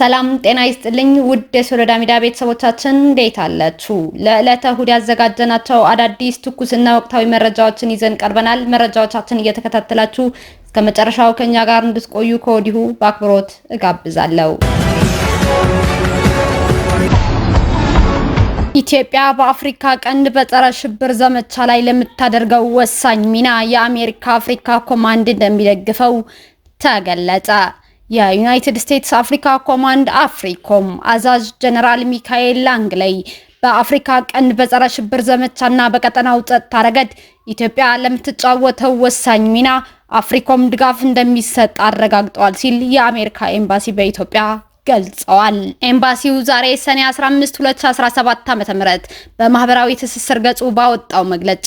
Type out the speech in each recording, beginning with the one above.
ሰላም ጤና ይስጥልኝ ውድ የሶሎዳ ሚዲያ ቤተሰቦቻችን እንዴት አላችሁ? ለዕለተ እሁድ ያዘጋጀናቸው አዳዲስ ትኩስና ወቅታዊ መረጃዎችን ይዘን ቀርበናል። መረጃዎቻችን እየተከታተላችሁ እስከ መጨረሻው ከኛ ጋር እንድትቆዩ ከወዲሁ በአክብሮት እጋብዛለሁ። ኢትዮጵያ በአፍሪካ ቀንድ በጸረ ሽብር ዘመቻ ላይ ለምታደርገው ወሳኝ ሚና የአሜሪካ አፍሪካ ኮማንድ እንደሚደግፈው ተገለጸ። የዩናይትድ ስቴትስ አፍሪካ ኮማንድ አፍሪኮም አዛዥ ጀነራል ሚካኤል ላንግሌይ በአፍሪካ ቀንድ በጸረ ሽብር ዘመቻና በቀጠናው ጸጥታ ረገድ ኢትዮጵያ ለምትጫወተው ወሳኝ ሚና አፍሪኮም ድጋፍ እንደሚሰጥ አረጋግጠዋል ሲል የአሜሪካ ኤምባሲ በኢትዮጵያ ገልጸዋል። ኤምባሲው ዛሬ ሰኔ 15 2017 ዓ.ም በማህበራዊ ትስስር ገጹ ባወጣው መግለጫ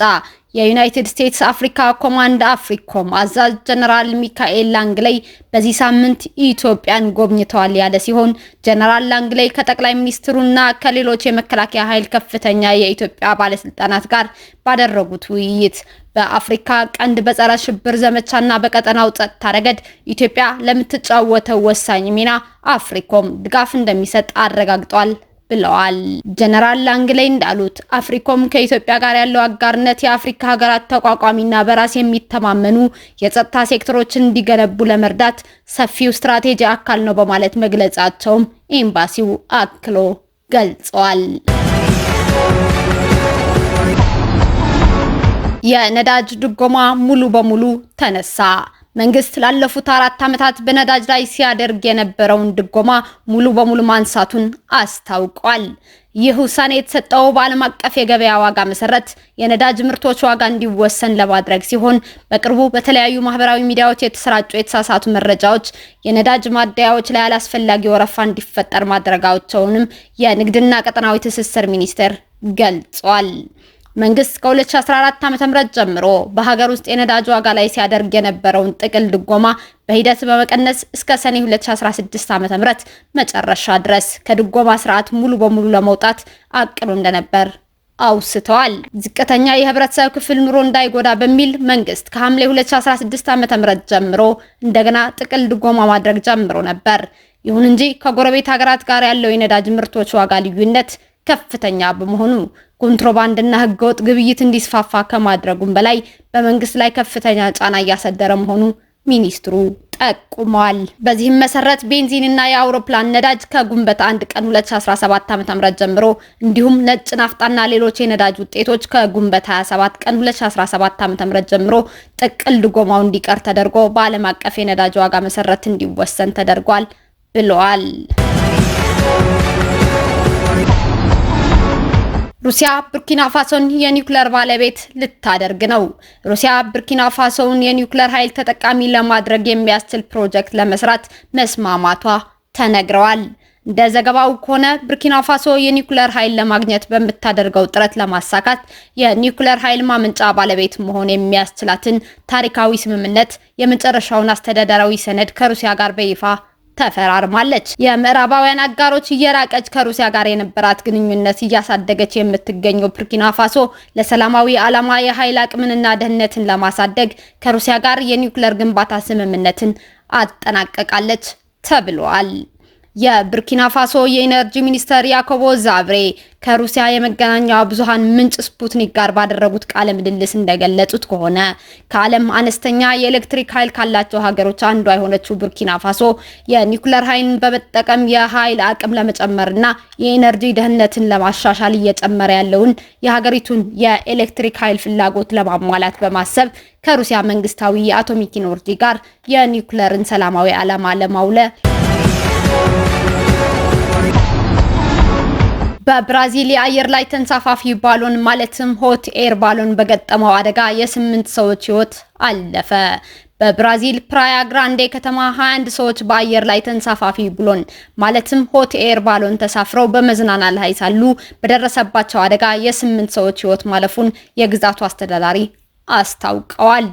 የዩናይትድ ስቴትስ አፍሪካ ኮማንድ አፍሪኮም አዛዥ ጀነራል ሚካኤል ላንግሌይ በዚህ ሳምንት ኢትዮጵያን ጎብኝተዋል ያለ ሲሆን ጀነራል ላንግሌይ ከጠቅላይ ሚኒስትሩና ከሌሎች የመከላከያ ኃይል ከፍተኛ የኢትዮጵያ ባለስልጣናት ጋር ባደረጉት ውይይት በአፍሪካ ቀንድ በጸረ ሽብር ዘመቻና በቀጠናው ጸጥታ ረገድ ኢትዮጵያ ለምትጫወተው ወሳኝ ሚና አፍሪኮም ድጋፍ እንደሚሰጥ አረጋግጧል። ብለዋል። ጀነራል ላንግሌይ እንዳሉት አፍሪኮም ከኢትዮጵያ ጋር ያለው አጋርነት የአፍሪካ ሀገራት ተቋቋሚና በራስ የሚተማመኑ የጸጥታ ሴክተሮችን እንዲገነቡ ለመርዳት ሰፊው ስትራቴጂ አካል ነው በማለት መግለጻቸውም ኤምባሲው አክሎ ገልጸዋል። የነዳጅ ድጎማ ሙሉ በሙሉ ተነሳ። መንግስት ላለፉት አራት ዓመታት በነዳጅ ላይ ሲያደርግ የነበረውን ድጎማ ሙሉ በሙሉ ማንሳቱን አስታውቋል። ይህ ውሳኔ የተሰጠው በዓለም አቀፍ የገበያ ዋጋ መሰረት የነዳጅ ምርቶች ዋጋ እንዲወሰን ለማድረግ ሲሆን በቅርቡ በተለያዩ ማህበራዊ ሚዲያዎች የተሰራጩ የተሳሳቱ መረጃዎች የነዳጅ ማደያዎች ላይ አላስፈላጊ ወረፋ እንዲፈጠር ማድረጋቸውንም የንግድና ቀጠናዊ ትስስር ሚኒስቴር ገልጿል። መንግስት ከ2014 ዓ.ም ጀምሮ በሀገር ውስጥ የነዳጅ ዋጋ ላይ ሲያደርግ የነበረውን ጥቅል ድጎማ በሂደት በመቀነስ እስከ ሰኔ 2016 ዓ.ም መጨረሻ ድረስ ከድጎማ ስርዓት ሙሉ በሙሉ ለመውጣት አቅዱ እንደነበር አውስተዋል። ዝቅተኛ የህብረተሰብ ክፍል ኑሮ እንዳይጎዳ በሚል መንግስት ከሐምሌ 2016 ዓ.ም ጀምሮ እንደገና ጥቅል ድጎማ ማድረግ ጀምሮ ነበር። ይሁን እንጂ ከጎረቤት ሀገራት ጋር ያለው የነዳጅ ምርቶች ዋጋ ልዩነት ከፍተኛ በመሆኑ ኮንትሮባንድና ህገወጥ ግብይት እንዲስፋፋ ከማድረጉም በላይ በመንግስት ላይ ከፍተኛ ጫና እያሳደረ መሆኑ ሚኒስትሩ ጠቁመዋል። በዚህም መሰረት ቤንዚንና የአውሮፕላን ነዳጅ ከጉንበት 1 ቀን 2017 ዓ.ም ጀምሮ እንዲሁም ነጭ ናፍጣና ሌሎች የነዳጅ ውጤቶች ከጉንበት 27 ቀን 2017 ዓ.ም ጀምሮ ጥቅል ድጎማው እንዲቀር ተደርጎ በዓለም አቀፍ የነዳጅ ዋጋ መሰረት እንዲወሰን ተደርጓል ብለዋል። ሩሲያ ቡርኪና ፋሶን የኒውክለር ባለቤት ልታደርግ ነው። ሩሲያ ቡርኪና ፋሶን የኒውክለር ኃይል ተጠቃሚ ለማድረግ የሚያስችል ፕሮጀክት ለመስራት መስማማቷ ተነግረዋል። እንደ ዘገባው ከሆነ ቡርኪና ፋሶ የኒውክለር ኃይል ለማግኘት በምታደርገው ጥረት ለማሳካት የኒውክለር ኃይል ማመንጫ ባለቤት መሆን የሚያስችላትን ታሪካዊ ስምምነት የመጨረሻውን አስተዳደራዊ ሰነድ ከሩሲያ ጋር በይፋ ተፈራርማለች። የምዕራባውያን አጋሮች እየራቀች ከሩሲያ ጋር የነበራት ግንኙነት እያሳደገች የምትገኘው ቡርኪና ፋሶ ለሰላማዊ ዓላማ የኃይል አቅምንና ደህንነትን ለማሳደግ ከሩሲያ ጋር የኒውክሌር ግንባታ ስምምነትን አጠናቀቃለች ተብሏል። የቡርኪና ፋሶ የኢነርጂ ሚኒስተር ያኮቦ ዛብሬ ከሩሲያ የመገናኛ ብዙሃን ምንጭ ስፑትኒክ ጋር ባደረጉት ቃለ ምልልስ እንደገለጹት ከሆነ ከዓለም አነስተኛ የኤሌክትሪክ ኃይል ካላቸው ሀገሮች አንዷ የሆነችው ቡርኪና ፋሶ የኒኩለር ኃይልን በመጠቀም የኃይል አቅም ለመጨመርና የኢነርጂ ደህንነትን ለማሻሻል እየጨመረ ያለውን የሀገሪቱን የኤሌክትሪክ ኃይል ፍላጎት ለማሟላት በማሰብ ከሩሲያ መንግስታዊ የአቶሚክ ኢነርጂ ጋር የኒኩለርን ሰላማዊ ዓላማ ለማውለ በብራዚል የአየር ላይ ተንሳፋፊ ባሎን ማለትም ሆት ኤር ባሎን በገጠመው አደጋ የስምንት ሰዎች ህይወት አለፈ። በብራዚል ፕራያ ግራንዴ ከተማ 21 ሰዎች በአየር ላይ ተንሳፋፊ ብሎን ማለትም ሆት ኤር ባሎን ተሳፍረው በመዝናና ላይ ሳሉ በደረሰባቸው አደጋ የስምንት ሰዎች ህይወት ማለፉን የግዛቱ አስተዳዳሪ አስታውቀዋል።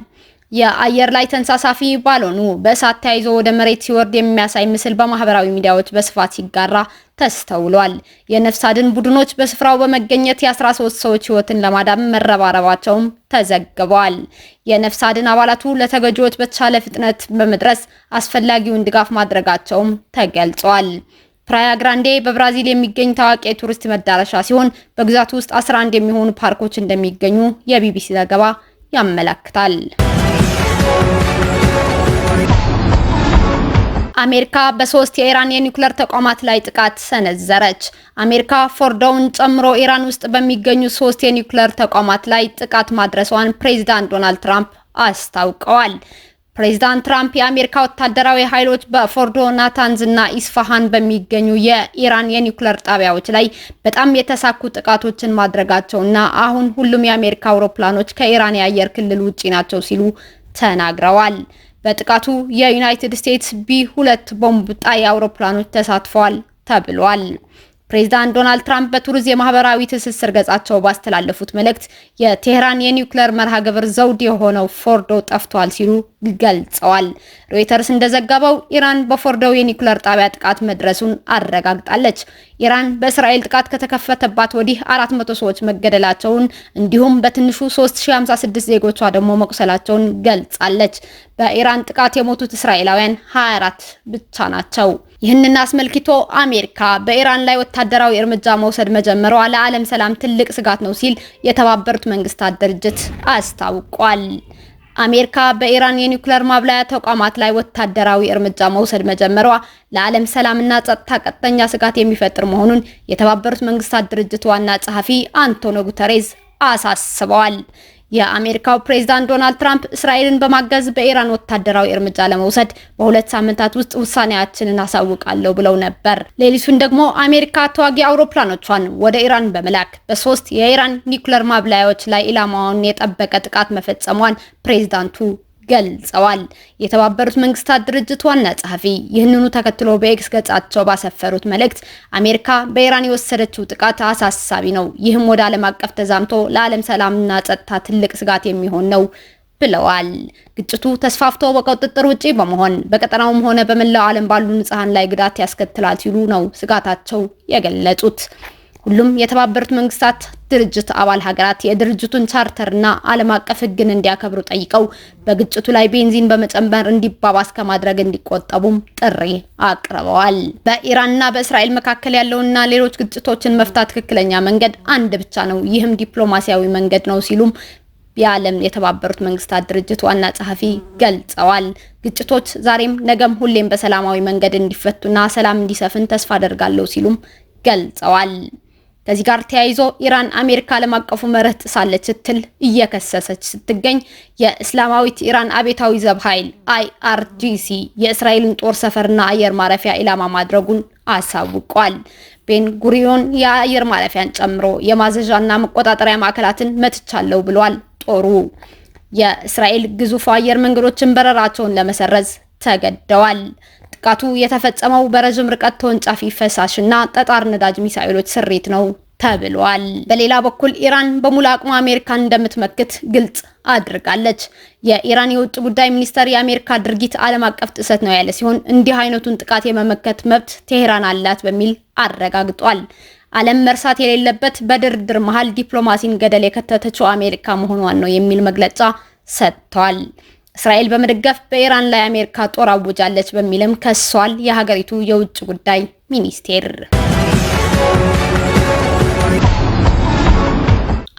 የአየር ላይ ተንሳሳፊ ባሎኑ በእሳት ተያይዞ ወደ መሬት ሲወርድ የሚያሳይ ምስል በማህበራዊ ሚዲያዎች በስፋት ሲጋራ ተስተውሏል። የነፍስ አድን ቡድኖች በስፍራው በመገኘት የ13 ሰዎች ህይወትን ለማዳን መረባረባቸውም ተዘግቧል። የነፍስ አድን አባላቱ ለተገጂዎች በተቻለ ፍጥነት በመድረስ አስፈላጊውን ድጋፍ ማድረጋቸውም ተገልጿል። ፕራያ ግራንዴ በብራዚል የሚገኝ ታዋቂ የቱሪስት መዳረሻ ሲሆን በግዛቱ ውስጥ 11 የሚሆኑ ፓርኮች እንደሚገኙ የቢቢሲ ዘገባ ያመለክታል። አሜሪካ በሶስት የኢራን የኒውክሌር ተቋማት ላይ ጥቃት ሰነዘረች። አሜሪካ ፎርዶውን ጨምሮ ኢራን ውስጥ በሚገኙ ሶስት የኒውክሌር ተቋማት ላይ ጥቃት ማድረሷን ፕሬዚዳንት ዶናልድ ትራምፕ አስታውቀዋል። ፕሬዚዳንት ትራምፕ የአሜሪካ ወታደራዊ ኃይሎች በፎርዶ፣ ናታንዝ እና ኢስፋሃን በሚገኙ የኢራን የኒውክሌር ጣቢያዎች ላይ በጣም የተሳኩ ጥቃቶችን ማድረጋቸውና አሁን ሁሉም የአሜሪካ አውሮፕላኖች ከኢራን የአየር ክልል ውጪ ናቸው ሲሉ ተናግረዋል። በጥቃቱ የዩናይትድ ስቴትስ ቢ ሁለት ቦምብ ጣይ አውሮፕላኖች ተሳትፈዋል ተብሏል። ፕሬዚዳንት ዶናልድ ትራምፕ በቱሪዝም የማህበራዊ ትስስር ገጻቸው ባስተላለፉት መልእክት የቴህራን የኒውክሌር መርሃ ግብር ዘውድ የሆነው ፎርዶ ጠፍቷል ሲሉ ገልጸዋል። ሮይተርስ እንደዘገበው ኢራን በፎርዶው የኒኩለር ጣቢያ ጥቃት መድረሱን አረጋግጣለች። ኢራን በእስራኤል ጥቃት ከተከፈተባት ወዲህ 400 ሰዎች መገደላቸውን እንዲሁም በትንሹ 3056 ዜጎቿ ደግሞ መቁሰላቸውን ገልጻለች። በኢራን ጥቃት የሞቱት እስራኤላውያን 24 ብቻ ናቸው። ይህንን አስመልክቶ አሜሪካ በኢራን ላይ ወታደራዊ እርምጃ መውሰድ መጀመሯ ለዓለም ሰላም ትልቅ ስጋት ነው ሲል የተባበሩት መንግስታት ድርጅት አስታውቋል። አሜሪካ በኢራን የኒውክሌር ማብላያ ተቋማት ላይ ወታደራዊ እርምጃ መውሰድ መጀመሯ ለዓለም ሰላምና ጸጥታ ቀጥተኛ ስጋት የሚፈጥር መሆኑን የተባበሩት መንግስታት ድርጅት ዋና ጸሐፊ አንቶኒዮ ጉተሬዝ አሳስበዋል። የአሜሪካው ፕሬዝዳንት ዶናልድ ትራምፕ እስራኤልን በማገዝ በኢራን ወታደራዊ እርምጃ ለመውሰድ በሁለት ሳምንታት ውስጥ ውሳኔያችንን አሳውቃለሁ ብለው ነበር። ሌሊቱን ደግሞ አሜሪካ ተዋጊ አውሮፕላኖቿን ወደ ኢራን በመላክ በሶስት የኢራን ኒውክለር ማብላያዎች ላይ ኢላማውን የጠበቀ ጥቃት መፈጸሟን ፕሬዝዳንቱ ገልጸዋል። የተባበሩት መንግስታት ድርጅት ዋና ጸሐፊ ይህንኑ ተከትሎ በኤክስ ገጻቸው ባሰፈሩት መልእክት አሜሪካ በኢራን የወሰደችው ጥቃት አሳሳቢ ነው፣ ይህም ወደ ዓለም አቀፍ ተዛምቶ ለዓለም ሰላምና ጸጥታ ትልቅ ስጋት የሚሆን ነው ብለዋል። ግጭቱ ተስፋፍቶ በቁጥጥር ውጪ በመሆን በቀጠናውም ሆነ በመላው ዓለም ባሉ ንጹሃን ላይ ጉዳት ያስከትላል ሲሉ ነው ስጋታቸው የገለጹት። ሁሉም የተባበሩት መንግስታት ድርጅት አባል ሀገራት የድርጅቱን ቻርተርና ዓለም አቀፍ ሕግን እንዲያከብሩ ጠይቀው በግጭቱ ላይ ቤንዚን በመጨመር እንዲባባስ ከማድረግ እንዲቆጠቡም ጥሪ አቅርበዋል። በኢራንና በእስራኤል መካከል ያለውና ሌሎች ግጭቶችን መፍታት ትክክለኛ መንገድ አንድ ብቻ ነው፣ ይህም ዲፕሎማሲያዊ መንገድ ነው ሲሉም የዓለም የተባበሩት መንግስታት ድርጅት ዋና ጸሐፊ ገልጸዋል። ግጭቶች ዛሬም ነገም ሁሌም በሰላማዊ መንገድ እንዲፈቱና ሰላም እንዲሰፍን ተስፋ አደርጋለሁ ሲሉም ገልጸዋል። ከዚህ ጋር ተያይዞ ኢራን አሜሪካ ዓለም አቀፉ መርህ ጥሳለች ስትል እየከሰሰች ስትገኝ የእስላማዊት ኢራን አቤታዊ ዘብ ኃይል አይአርጂሲ የእስራኤልን ጦር ሰፈርና አየር ማረፊያ ኢላማ ማድረጉን አሳውቋል። ቤን ጉሪዮን የአየር ማረፊያን ጨምሮ የማዘዣና መቆጣጠሪያ ማዕከላትን መትቻለሁ ብሏል። ጦሩ የእስራኤል ግዙፍ አየር መንገዶችን በረራቸውን ለመሰረዝ ተገደዋል። ጥቃቱ የተፈጸመው በረዥም ርቀት ተወንጫፊ እና ጠጣር ነዳጅ ሚሳኤሎች ስሪት ነው ተብሏል። በሌላ በኩል ኢራን በሙሉ አቅሙ አሜሪካን እንደምትመክት ግልጽ አድርጋለች። የኢራን የውጭ ጉዳይ ሚኒስተር የአሜሪካ ድርጊት ዓለም አቀፍ ጥሰት ነው ያለ ሲሆን እንዲህ አይነቱን ጥቃት የመመከት መብት ቴሄራን አላት በሚል አረጋግጧል። ዓለም መርሳት የሌለበት በድርድር መሃል ዲፕሎማሲን ገደል የከተተችው አሜሪካ መሆኗን ነው የሚል መግለጫ ሰጥቷል። እስራኤል በመደገፍ በኢራን ላይ አሜሪካ ጦር አውጃለች በሚልም ከሷል የሀገሪቱ የውጭ ጉዳይ ሚኒስቴር።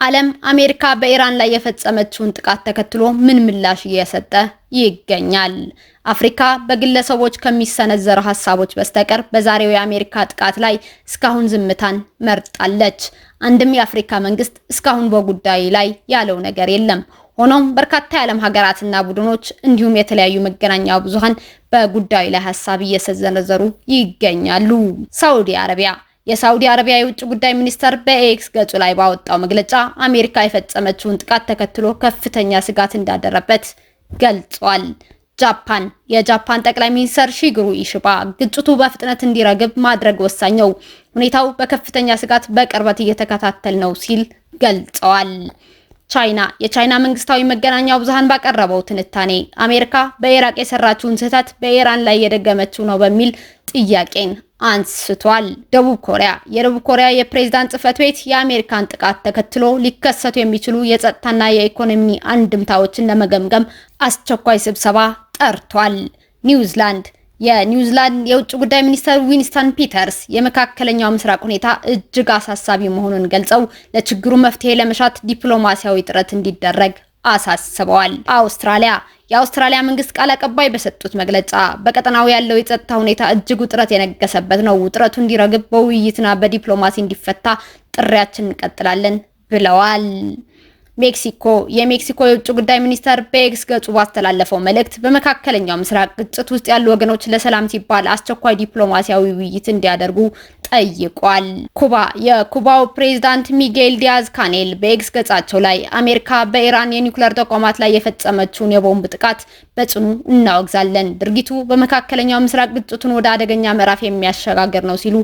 ዓለም አሜሪካ በኢራን ላይ የፈጸመችውን ጥቃት ተከትሎ ምን ምላሽ እየሰጠ ይገኛል? አፍሪካ በግለሰቦች ከሚሰነዘሩ ሀሳቦች በስተቀር በዛሬው የአሜሪካ ጥቃት ላይ እስካሁን ዝምታን መርጣለች። አንድም የአፍሪካ መንግስት እስካሁን በጉዳዩ ላይ ያለው ነገር የለም። ሆኖም በርካታ የዓለም ሀገራትና ቡድኖች እንዲሁም የተለያዩ መገናኛ ብዙሃን በጉዳዩ ላይ ሀሳብ እየሰነዘሩ ይገኛሉ። ሳውዲ አረቢያ የሳውዲ አረቢያ የውጭ ጉዳይ ሚኒስተር በኤክስ ገጹ ላይ ባወጣው መግለጫ አሜሪካ የፈጸመችውን ጥቃት ተከትሎ ከፍተኛ ስጋት እንዳደረበት ገልጿል። ጃፓን የጃፓን ጠቅላይ ሚኒስትር ሺግሩ ኢሺባ ግጭቱ በፍጥነት እንዲረግብ ማድረግ ወሳኝ ነው፣ ሁኔታው በከፍተኛ ስጋት በቅርበት እየተከታተል ነው ሲል ገልጸዋል። ቻይና የቻይና መንግስታዊ መገናኛ ብዙሃን ባቀረበው ትንታኔ አሜሪካ በኢራቅ የሰራችውን ስህተት በኢራን ላይ የደገመችው ነው በሚል ጥያቄን አንስቷል። ደቡብ ኮሪያ የደቡብ ኮሪያ የፕሬዝዳንት ጽህፈት ቤት የአሜሪካን ጥቃት ተከትሎ ሊከሰቱ የሚችሉ የጸጥታና የኢኮኖሚ አንድምታዎችን ለመገምገም አስቸኳይ ስብሰባ ጠርቷል። ኒውዚላንድ የኒውዚላንድ የውጭ ጉዳይ ሚኒስትር ዊንስተን ፒተርስ የመካከለኛው ምስራቅ ሁኔታ እጅግ አሳሳቢ መሆኑን ገልጸው ለችግሩ መፍትሄ ለመሻት ዲፕሎማሲያዊ ጥረት እንዲደረግ አሳስበዋል። አውስትራሊያ የአውስትራሊያ መንግስት ቃል አቀባይ በሰጡት መግለጫ በቀጠናው ያለው የጸጥታ ሁኔታ እጅግ ውጥረት የነገሰበት ነው። ውጥረቱ እንዲረግብ በውይይትና በዲፕሎማሲ እንዲፈታ ጥሪያችን እንቀጥላለን ብለዋል። ሜክሲኮ የሜክሲኮ የውጭ ጉዳይ ሚኒስተር በኤክስ ገጹ ባስተላለፈው መልእክት በመካከለኛው ምስራቅ ግጭት ውስጥ ያሉ ወገኖች ለሰላም ሲባል አስቸኳይ ዲፕሎማሲያዊ ውይይት እንዲያደርጉ ጠይቋል። ኩባ የኩባው ፕሬዝዳንት ሚጌል ዲያዝ ካኔል በኤክስ ገጻቸው ላይ አሜሪካ በኢራን የኒውክሌር ተቋማት ላይ የፈጸመችውን የቦምብ ጥቃት በጽኑ እናወግዛለን፣ ድርጊቱ በመካከለኛው ምስራቅ ግጭቱን ወደ አደገኛ ምዕራፍ የሚያሸጋግር ነው ሲሉ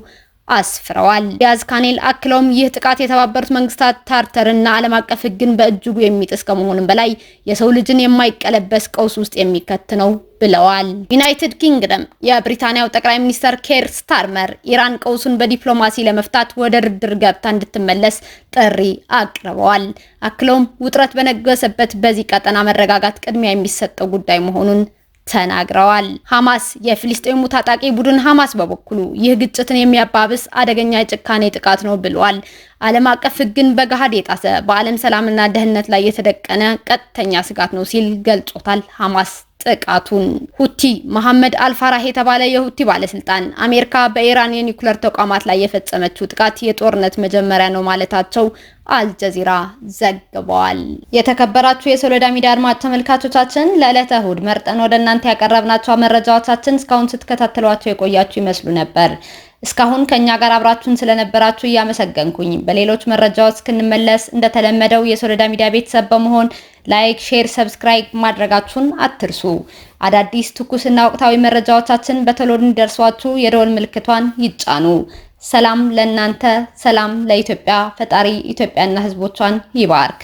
አስፍረዋል። ዲያዝ ካኔል አክለውም ይህ ጥቃት የተባበሩት መንግስታት ታርተርና ዓለም አቀፍ ሕግን በእጅጉ የሚጥስ ከመሆኑም በላይ የሰው ልጅን የማይቀለበስ ቀውስ ውስጥ የሚከት ነው ብለዋል። ዩናይትድ ኪንግደም የብሪታንያው ጠቅላይ ሚኒስተር ኬር ስታርመር ኢራን ቀውሱን በዲፕሎማሲ ለመፍታት ወደ ድርድር ገብታ እንድትመለስ ጥሪ አቅርበዋል። አክለውም ውጥረት በነገሰበት በዚህ ቀጠና መረጋጋት ቅድሚያ የሚሰጠው ጉዳይ መሆኑን ተናግረዋል። ሐማስ የፊልስጤሙ ታጣቂ ቡድን ሐማስ በበኩሉ ይህ ግጭትን የሚያባብስ አደገኛ የጭካኔ ጥቃት ነው ብሏል። ዓለም አቀፍ ሕግን በገሃድ የጣሰ በዓለም ሰላምና ደህንነት ላይ የተደቀነ ቀጥተኛ ስጋት ነው ሲል ገልጾታል ሐማስ። ጥቃቱን ሁቲ መሐመድ አልፋራህ የተባለ የሁቲ ባለስልጣን አሜሪካ በኢራን የኒውክለር ተቋማት ላይ የፈጸመችው ጥቃት የጦርነት መጀመሪያ ነው ማለታቸው አልጀዚራ ዘግበዋል። የተከበራችሁ የሶሎዳ ሚዲያ አድማጭ ተመልካቾቻችን ለዕለተ እሁድ መርጠን ወደ እናንተ ያቀረብናቸው መረጃዎቻችን እስካሁን ስትከታተሏቸው የቆያችሁ ይመስሉ ነበር። እስካሁን ከእኛ ጋር አብራችሁን ስለነበራችሁ እያመሰገንኩኝ በሌሎች መረጃዎች እስክንመለስ እንደተለመደው የሶለዳ ሚዲያ ቤተሰብ በመሆን ላይክ፣ ሼር፣ ሰብስክራይብ ማድረጋችሁን አትርሱ። አዳዲስ ትኩስና ወቅታዊ መረጃዎቻችን በቶሎ እንዲደርሷችሁ የደወል ምልክቷን ይጫኑ። ሰላም ለእናንተ፣ ሰላም ለኢትዮጵያ። ፈጣሪ ኢትዮጵያና ሕዝቦቿን ይባርክ።